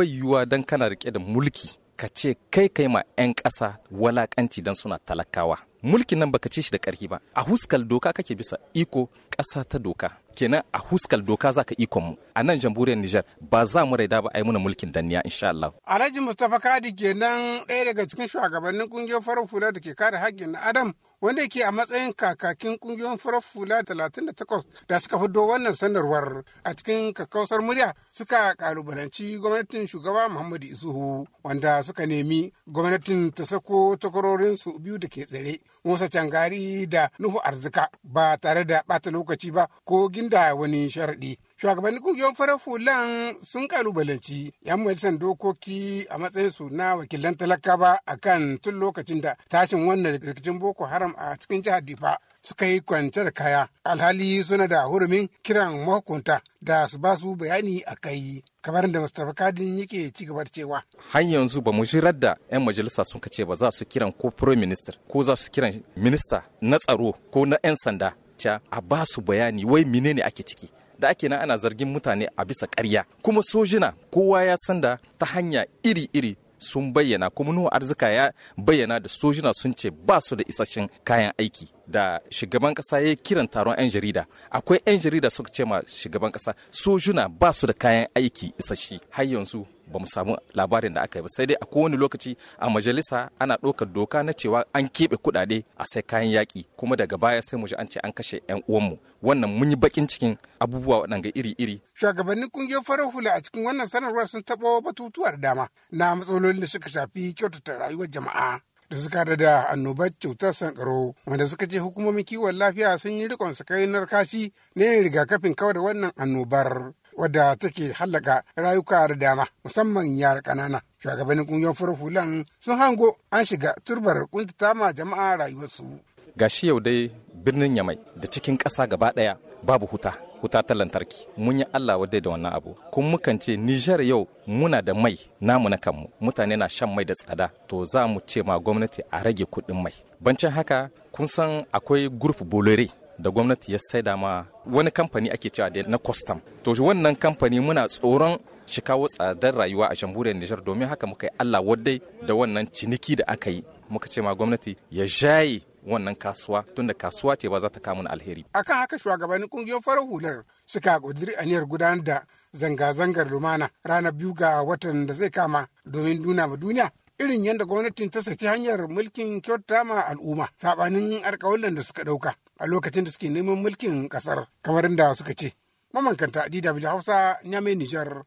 bai yiwuwa don kana rike da mulki ka ce kai kai ma 'yan ƙasa walakanci don suna talakawa mulkin nan baka ci shi da ƙarfi ba a huskar doka kake bisa iko ƙasa ta doka kenan a huskal doka za ka ikon mu a nan jamhuriyar Nijar ba za mu raida ba a yi muna mulkin danniya insha Allah. Alhaji Mustapha Kadi kenan ɗaya daga cikin shugabannin kungiyar farar fula da ke kare haƙƙin Adam wanda ke a matsayin kakakin kungiyar farar fula 38 da suka fito wannan sanarwar a cikin kakkausar murya suka kalubalanci gwamnatin shugaba Muhammadu Isuhu wanda suka nemi gwamnatin ta sako takwarorin su biyu da ke tsare Musa Cangari da Nuhu Arzika ba tare da ɓata lokaci ba ko da wani sharaɗi. Shugabannin kungiyoyin farar fulan sun kalubalanci 'yan majalisar dokoki a matsayinsu na wakilan talakawa a kan tun lokacin da tashin wannan rikicin Boko Haram a cikin jihar Difa. Suka yi kwanciyar kaya, alhali suna da hurumin kiran mahukunta da su ba su bayani a kai. kamar da Mr. Bakadin yake ci gaba da cewa. Har yanzu ba mu shirar da 'yan majalisa sun kace ba za su kiran ko Prime Minister ko za su kiran Minista na tsaro ko na 'yan sanda lecture a ba su bayani wai menene ake ciki da ake nan ana zargin mutane a bisa karya kuma sojina kowa ya san da ta hanya iri-iri sun bayyana kuma nuhu arzika ya bayyana da sojina sun ce ba su da isasshen kayan aiki da shugaban kasa ya kiran taron 'yan jarida akwai 'yan jarida suka ce ma shugaban kasa sojuna ba su da kayan aiki isasshe har yanzu ba mu samu labarin da aka yi ba sai dai a kowane lokaci a majalisa ana ɗaukar doka na cewa an keɓe kuɗaɗe a sai kayan yaƙi kuma daga baya sai mu ji an ce an kashe 'yan uwanmu wannan mun yi bakin cikin abubuwa waɗanga iri-iri. Shugabannin kungiyar farar hula a cikin wannan sanarwar sun taɓa batutuwar dama na matsalolin da suka shafi kyautata rayuwar jama'a. da suka da da annobar cutar sankaro wanda suka ce hukumomin kiwon lafiya sun yi rikon su kai narkashi na yin rigakafin kawar da wannan annobar wadda take hallaka rayuka da dama musamman yara ƙanana. Shugabannin ƙungiyar farar hulan sun hango an shiga turbar kuntata ma jama'a rayuwarsu. Gashi yau dai birnin Yamai da cikin ƙasa gaba ɗaya babu huta. Huta ta lantarki mun yi Allah wadai da wannan abu kun mukan ce Nijar yau muna da mai namu na kanmu mutane na shan mai da tsada to za mu ce ma gwamnati a rage kuɗin mai bancin haka kun san akwai gurf bolore da gwamnati ya saida ma wani kamfani ake cewa da na kwastam to wannan kamfani muna tsoron shi kawo tsadar rayuwa a jamhuriyar Nijar domin haka muka yi Allah waddai da wannan ciniki da aka yi muka ce ma gwamnati ya jaye wannan kasuwa tunda kasuwa ce ba za ta kamun alheri. Akan haka shugabannin kungiyoyin farar hular suka ƙudiri aniyar gudanar da zanga-zangar lumana ranar biyu ga watan da zai kama domin duna ma duniya irin yadda gwamnatin ta saki hanyar mulkin kyauta ma al'umma sabanin alkawalin da suka dauka a lokacin da suke neman mulkin kasar kamar da suka ce mamankanta DW Hausa Nyame Nijar